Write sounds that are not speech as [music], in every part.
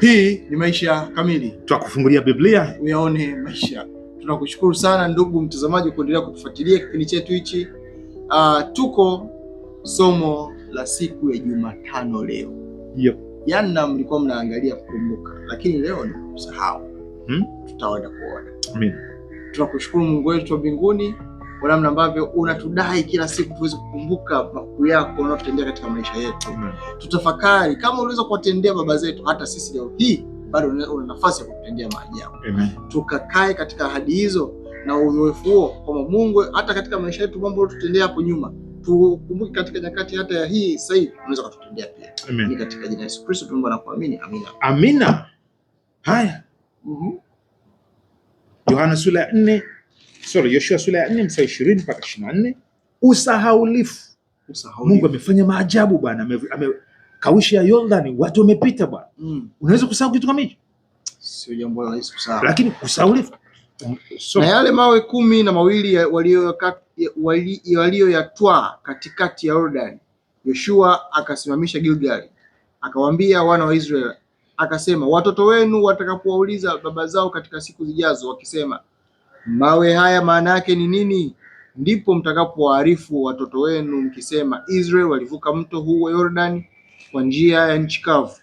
Hii ni Maisha Kamili, tutakufungulia Biblia uyaone maisha. Tunakushukuru sana ndugu mtazamaji kuendelea kutufuatilia kipindi chetu hichi. Uh, tuko somo la siku ya Jumatano leo. Yep. Jana mlikuwa mnaangalia kukumbuka, lakini leo ni kusahau. Hmm? Tutaenda kuona. Amen. Tunakushukuru Mungu wetu wa mbinguni kwa namna ambavyo unatudai kila siku tuweze kukumbuka shauku yako unayotendea katika maisha yetu. Tutafakari kama uliweza kuwatendea baba zetu, hata sisi leo hii bado una nafasi ya kutendea maajabu. Tukakae katika ahadi hizo na uzoefu huo, kwamba Mungu hata katika maisha yetu mambo tutendea hapo nyuma tukumbuke katika nyakati hata ya hii sasa hivi unaweza kututendea pia. Ni katika jina la Yesu Kristo tunaomba na kuamini. Amina. Amina. Haya. Mhm. Yohana sura ya 4, sorry, Yoshua sura ya 4 mstari 20 mpaka 24. Usahaulifu Mungu amefanya maajabu Bwana, amekausha Yordani, watu wamepita Bwana. Mm. Unaweza kusahau kitu kama hicho? Sio jambo la rahisi kusahau. Lakini kusaulika So, na yale mawe kumi na mawili waliyoyatwaa katikati ya Yordani, Yoshua akasimamisha Gilgali, akawaambia wana wa Israeli akasema, watoto wenu watakapowauliza baba zao katika siku zijazo, wakisema mawe haya maana yake ni nini, ndipo mtakapowaarifu watoto wenu mkisema, israel walivuka mto huu wa Yordani kwa njia ya nchi kavu,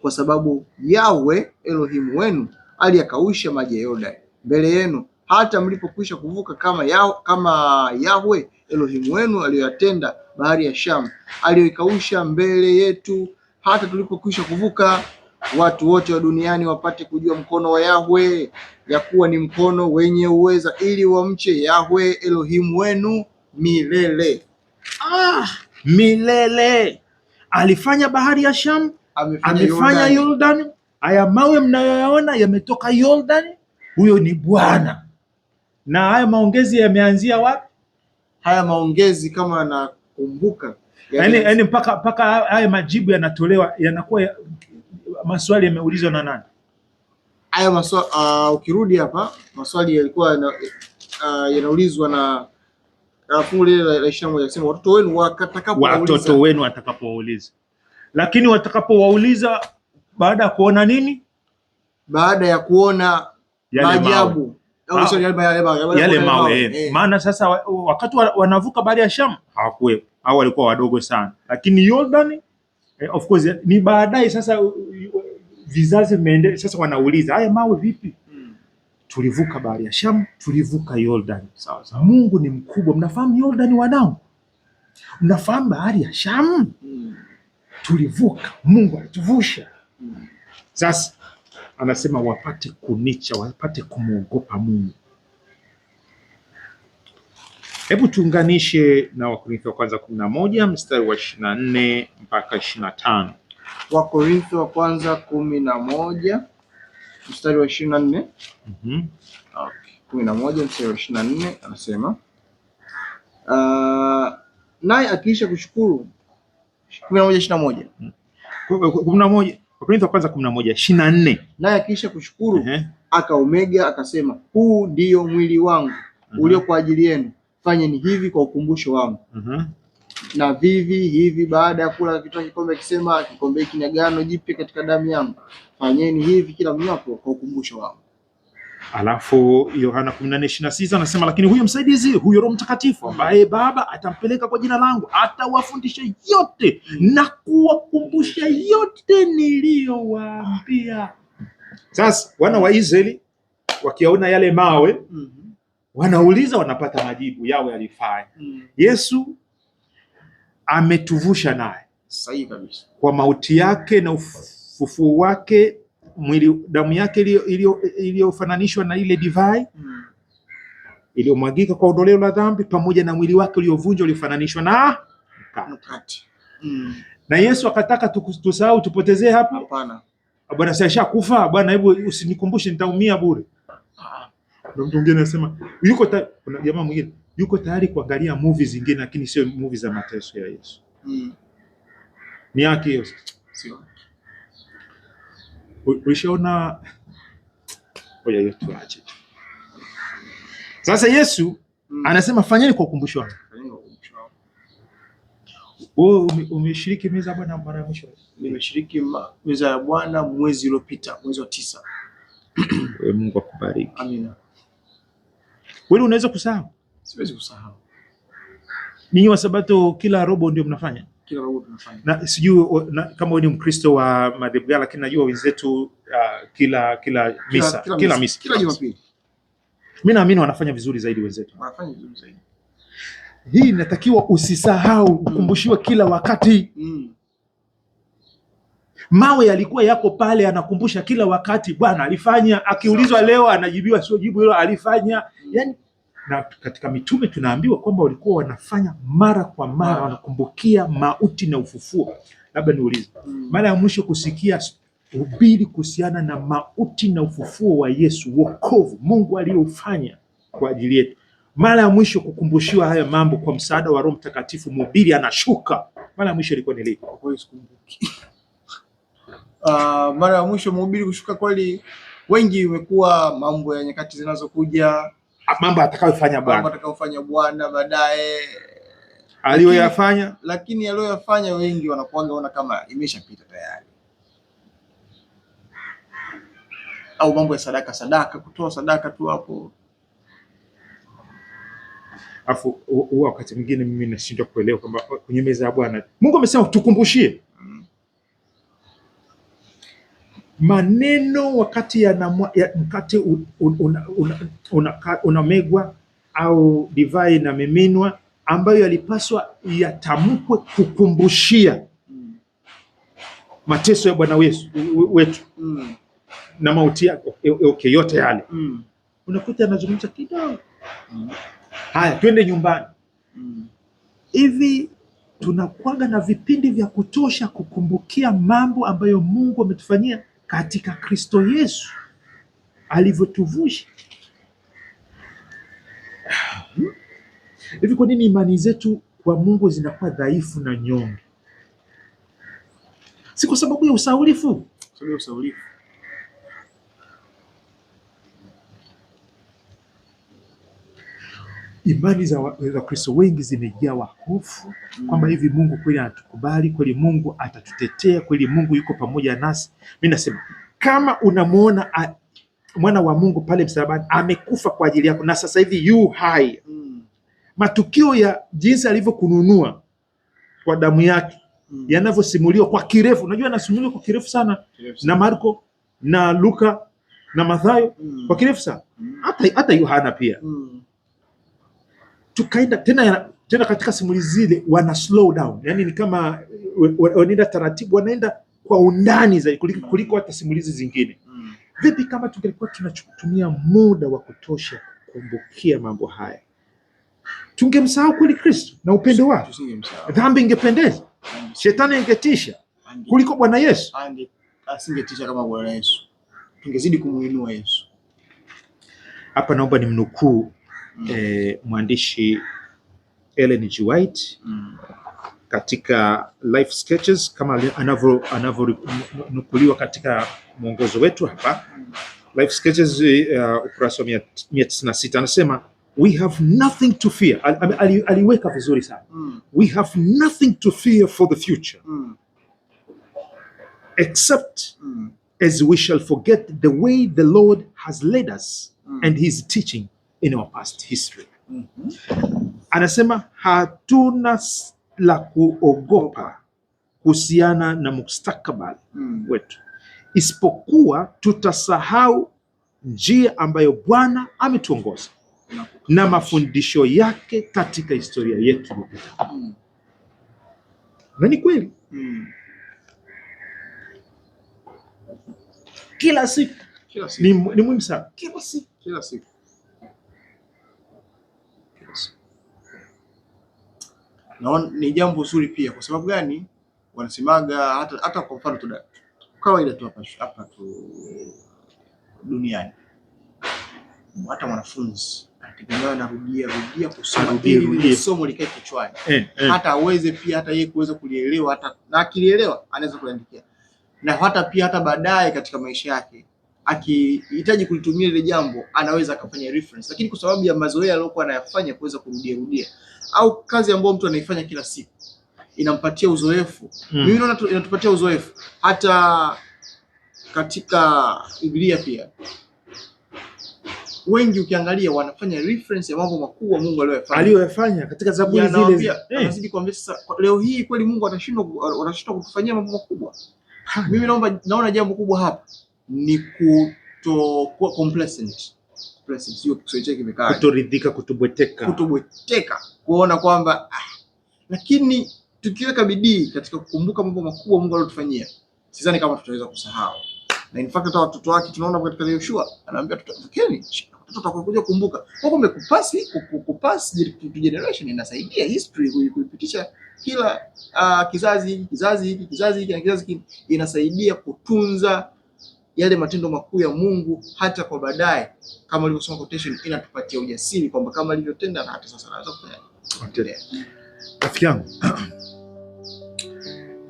kwa sababu yawe Elohimu wenu aliyakausha maji ya Yordani mbele yenu, hata mlipokwisha kuvuka, kama yawe kama Yawe Elohimu wenu aliyoyatenda bahari ya Shamu aliyoikausha mbele yetu, hata tulipokwisha kuvuka watu wote wa duniani wapate kujua mkono wa Yahwe ya kuwa ni mkono wenye uweza, ili wamche Yahwe Elohimu wenu milele. Ah, milele alifanya bahari ya Shamu, amefanya, amefanya Yordani. Haya mawe mnayoyaona yametoka Yordani, huyo ni Bwana. Na haya maongezi yameanzia wapi? Haya maongezi kama nakumbuka, yaani, yaani mpaka mpaka haya majibu yanatolewa yanakuwa maswali yameulizwa na nani? Haya maswali uh, ukirudi hapa maswali yalikuwa uh, yanaulizwa na fungu lile la ishirini na moja akisema watoto wenu watakapowauliza, watoto wenu watakapowauliza, lakini watakapowauliza baada ya kuona nini? Baada ya kuona maajabu yale mawe. Maana sasa wakati wanavuka bahari ya Shamu hawakuwepo au walikuwa wadogo sana, lakini Yordani eh, of course eh, ni baadaye sasa vizazi vimeende sasa, wanauliza haya mawe vipi? Hmm. Tulivuka bahari ya Shamu, tulivuka Yordani. sawa sawa. Mungu ni mkubwa. Mnafahamu Yordani wanao, mnafahamu bahari ya Shamu. Mm. Tulivuka, Mungu alituvusha. Mm. Sasa anasema wapate kunicha, wapate kumwogopa Mungu Hebu tuunganishe na Wakorintho wa kwanza kumi na moja mstari wa ishirini na nne mpaka ishirini na tano. Wakorintho wa kwanza kumi na moja mstari wa ishirini na nne mhm. kumi na moja mstari wa ishirini na nne anasema uh, naye akiisha kushukuru kumi na moja ishirini na moja kumi na moja Wakorintho wa kwanza kumi na moja ishirini na nne naye akiisha kushukuru uh -huh. akaomega akasema huu ndio mwili wangu uh mhm. -huh. ulio kwa ajili yenu fanye ni hivi kwa ukumbusho wangu mm -hmm. na vivi hivi, baada ya kula kitoa kikombe akisema kikombe hiki ni agano jipya katika damu yangu, fanyeni hivi kila mnywapo kwa ukumbusho wangu. Alafu Yohana 14:26 anasema, lakini huyo msaidizi, huyo Roho Mtakatifu ambaye Baba atampeleka kwa jina langu, atawafundisha yote na kuwakumbusha yote niliyowaambia. Ah. Sasa wana wa Israeli wakiona yale mawe mm -hmm wanauliza wanapata majibu yao yalifaa mm. Yesu ametuvusha naye sahihi kabisa kwa mauti yake na ufufuo wake, mwili damu yake iliyofananishwa na ile divai mm. iliyomwagika kwa ondoleo la dhambi, pamoja na mwili wake uliovunjwa uliofananishwa na mkate mm. na Yesu akataka tusahau tupotezee hapa? Hapana bwana, sasa shakufa bwana, hebu usinikumbushe, nitaumia bure. Ndio mtu mwingine anasema yuko tayari, kuna jamaa mwingine yuko tayari kuangalia movie zingine lakini sio movie za mateso ya Yesu. Mm. Ni yake hiyo. Sio. Ulishaona oya hiyo aje. Sasa Yesu mm. anasema fanyeni kwa ukumbusho wangu. Wewe ume, umeshiriki meza ya Bwana mara ya mwisho? Nimeshiriki meza ya Bwana mwezi uliopita, mwezi wa tisa. Mungu akubariki. Amina. Wewe unaweza kusahau? Siwezi kusahau. Ninyi wa Sabato kila robo ndio mnafanya? Kila robo tunafanya. Na sijui kama wewe ni Mkristo wa madhehebu gani, lakini najua wenzetu uh, kila kila misa kila, kila misa kila Jumapili. Mimi naamini wanafanya vizuri zaidi wenzetu. Wanafanya vizuri zaidi. Hii inatakiwa usisahau, ukumbushiwe kila wakati. Mm. Mawe yalikuwa yako pale, anakumbusha kila wakati, Bwana alifanya. Akiulizwa leo anajibiwa, sio jibu hilo, alifanya. Mm. Yani na katika mitume tunaambiwa kwamba walikuwa wanafanya mara kwa mara, wanakumbukia mauti na ufufuo. Labda niulize, mm. mara ya mwisho kusikia hubiri kuhusiana na mauti na ufufuo wa Yesu, wokovu Mungu aliyoufanya kwa ajili yetu, mara ya mwisho kukumbushiwa haya mambo kwa msaada wa Roho Mtakatifu, mhubiri anashuka, mara ya mwisho ilikuwa ni lini? uh, mara ya mwisho mhubiri kushuka kweli, wengi imekuwa mambo ya nyakati zinazokuja, mambo atakayofanya Bwana, mambo atakayofanya Bwana baadaye aliyoyafanya, lakini aliyoyafanya wengi wanakuanga ona kama imeshapita tayari, au mambo ya sadaka, sadaka kutoa sadaka tu hapo afu huwa wakati mwingine mimi nashindwa kuelewa kwamba kwenye meza ya Bwana Mungu amesema tukumbushie maneno wakati yanamwa, mkate unamegwa au divai inamiminwa ambayo yalipaswa yatamkwe kukumbushia mateso ya Bwana Yesu wetu mm. na mauti yake e, e, okay, yote yale mm. unakuta anazungumza kidogo mm. Haya, twende nyumbani mm. hivi mm. tunakuwaga na vipindi vya kutosha kukumbukia mambo ambayo Mungu ametufanyia katika Kristo Yesu alivyotuvusha hivi hmm. Kwa nini imani zetu kwa Mungu zinakuwa dhaifu na nyonge? Si kwa sababu ya usaulifu, usaulifu. imani za Wakristo wengi zimejawa hofu kwamba hivi Mungu kweli anatukubali, kweli Mungu atatutetea, kweli Mungu yuko pamoja nasi. Mimi nasema kama unamwona mwana wa Mungu pale msalabani amekufa kwa ajili yako na sasa hivi yu hai, mm. matukio ya jinsi alivyokununua kwa damu yake mm. yanavyosimuliwa kwa kirefu, unajua anasimuliwa kwa kirefu sana, kirefu na Marko na Luka na Mathayo mm. kwa kirefu sana hata hata Yohana pia tukaenda tena tena katika simulizi zile wana slow down, yani ni kama wanaenda taratibu, wanaenda kwa undani zaidi kuliko hata simulizi zingine. Mm. Vipi kama tungelikuwa tunatumia muda wa kutosha kukumbukia mambo haya, tungemsahau kweli Kristo na upendo wake? Dhambi ingependeza, shetani ingetisha kuliko Bwana Yesu. Asingetisha kama Bwana Yesu, tungezidi kumuinua Yesu. Hapa naomba ni mnukuu mm. eh, mwandishi Ellen G. White mm. katika life sketches kama anavyonukuliwa katika mwongozo wetu hapa life sketches uh, ukurasa wa 196 anasema we have nothing to fear. Al, al, aliweka vizuri sana mm. we have nothing to fear for the future mm. except mm. as we shall forget the way the Lord has led us mm. and his teaching in our past history. Mm -hmm. Anasema hatuna la kuogopa kuhusiana na mustakabali mm -hmm. wetu, isipokuwa tutasahau njia ambayo Bwana ametuongoza na, na mafundisho yake katika historia yetu mm. Na ni kweli mm. Kila siku, kila siku ni, ni muhimu sana kila siku, kila siku. naona ni jambo zuri pia. Kwa sababu gani? Wanasemaga hata, hata kwa mfano tu kawaida tu hapa hapa tu duniani, hata mwanafunzi anategemewa narudia rudia kusoma ili somo likae kichwani eh, eh, hata aweze pia hata yeye kuweza kulielewa hata, na akilielewa anaweza kuandikia na hata pia hata baadaye katika maisha yake akihitaji kulitumia ile jambo anaweza akafanya reference, lakini kwa sababu ya mazoea aliyokuwa anayafanya kuweza kurudia rudia au kazi ambayo mtu anaifanya kila siku inampatia uzoefu hmm. Mimi naona inatupatia uzoefu hata katika Biblia pia wengi ukiangalia wanafanya reference ya mambo makubwa Mungu aliyoyafanya aliyoyafanya katika zaburi zile, anazidi eh. kuambia sasa, leo hii kweli Mungu atashindwa atashindwa kutufanyia mambo makubwa? Mimi naomba naona jambo kubwa hapa ni kuto complacent depressive, sio kiswahili chake kimekaa, kutoridhika, kutobweteka, kutobweteka, kuona kwamba ah, lakini tukiweka bidii katika kukumbuka mambo makubwa Mungu aliyotufanyia, sidhani kama tutaweza kusahau. Na in fact hata watoto wake tunaona katika Yoshua anaambia tutakeni watoto watakuja kukumbuka. Kwa kumbe kupasi kupasi generation inasaidia history kuipitisha kila uh, kizazi kizazi kizazi hiki na kizazi kingine, inasaidia kutunza yale matendo makuu ya Mungu hata kwa baadaye, kama ulivyosoma quotation, inatupatia ujasiri kwamba kama alivyotenda na hata sasa anaweza kufanya. Rafiki yangu, [clears throat]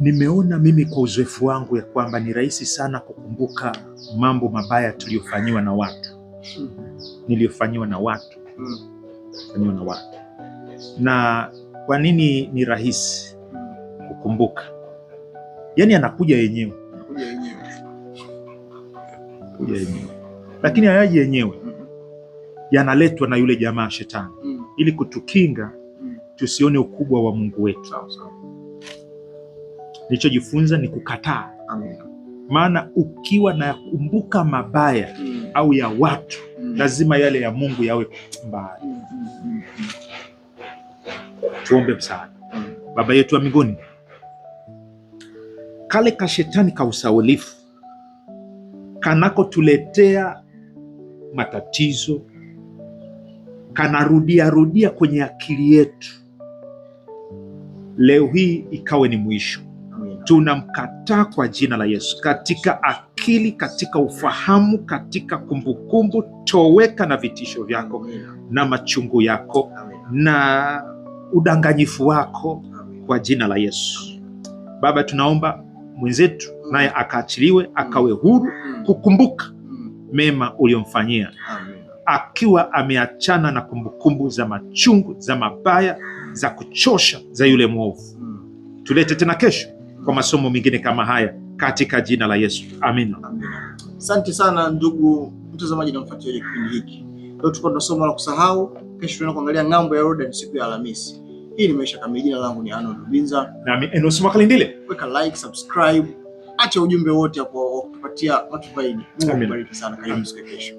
nimeona mimi kwa uzoefu wangu ya kwamba ni rahisi sana kukumbuka mambo mabaya tuliyofanyiwa na watu hmm. niliyofanyiwa na watu hmm. fanyiwa na watu na kwa nini ni rahisi hmm. kukumbuka? Yani anakuja yenyewe yanakuja yenyewe, lakini hayaji yenyewe, yanaletwa na yule jamaa shetani, mm. ili kutukinga mm. tusione ukubwa wa Mungu wetu. Nilichojifunza ni kukataa, maana ukiwa na kumbuka mabaya mm. au ya watu, lazima yale ya Mungu yawe mbali. Tuombe msaada. Baba yetu wa mbinguni, kale ka shetani ka usaulifu kanakotuletea matatizo kanarudia rudia kwenye akili yetu, leo hii ikawe ni mwisho. Tunamkataa kwa jina la Yesu katika akili, katika ufahamu, katika kumbukumbu. Toweka na vitisho vyako na machungu yako na udanganyifu wako kwa jina la Yesu. Baba, tunaomba mwenzetu naye akaachiliwe akawe huru mm. kukumbuka mm. mema uliyomfanyia, akiwa ameachana na kumbukumbu za machungu za mabaya za kuchosha za yule mwovu. Mm. Tulete tena kesho kwa masomo mengine kama haya katika jina la Yesu, amina. Asante sana ndugu mtazamaji na mfuatiliaji kipindi hiki. Leo tuko na somo la kusahau, kesho tunaenda kuangalia ng'ambo ya Yordani siku ya Alhamisi. Hii ni Maisha Kamili. Jina langu ni Arnold Rubinza nami Enos Mwakalindile. Weka like, subscribe acha ujumbe wote hapo kupatia watu faida. Mungu akubariki sana. Karibu siku kesho.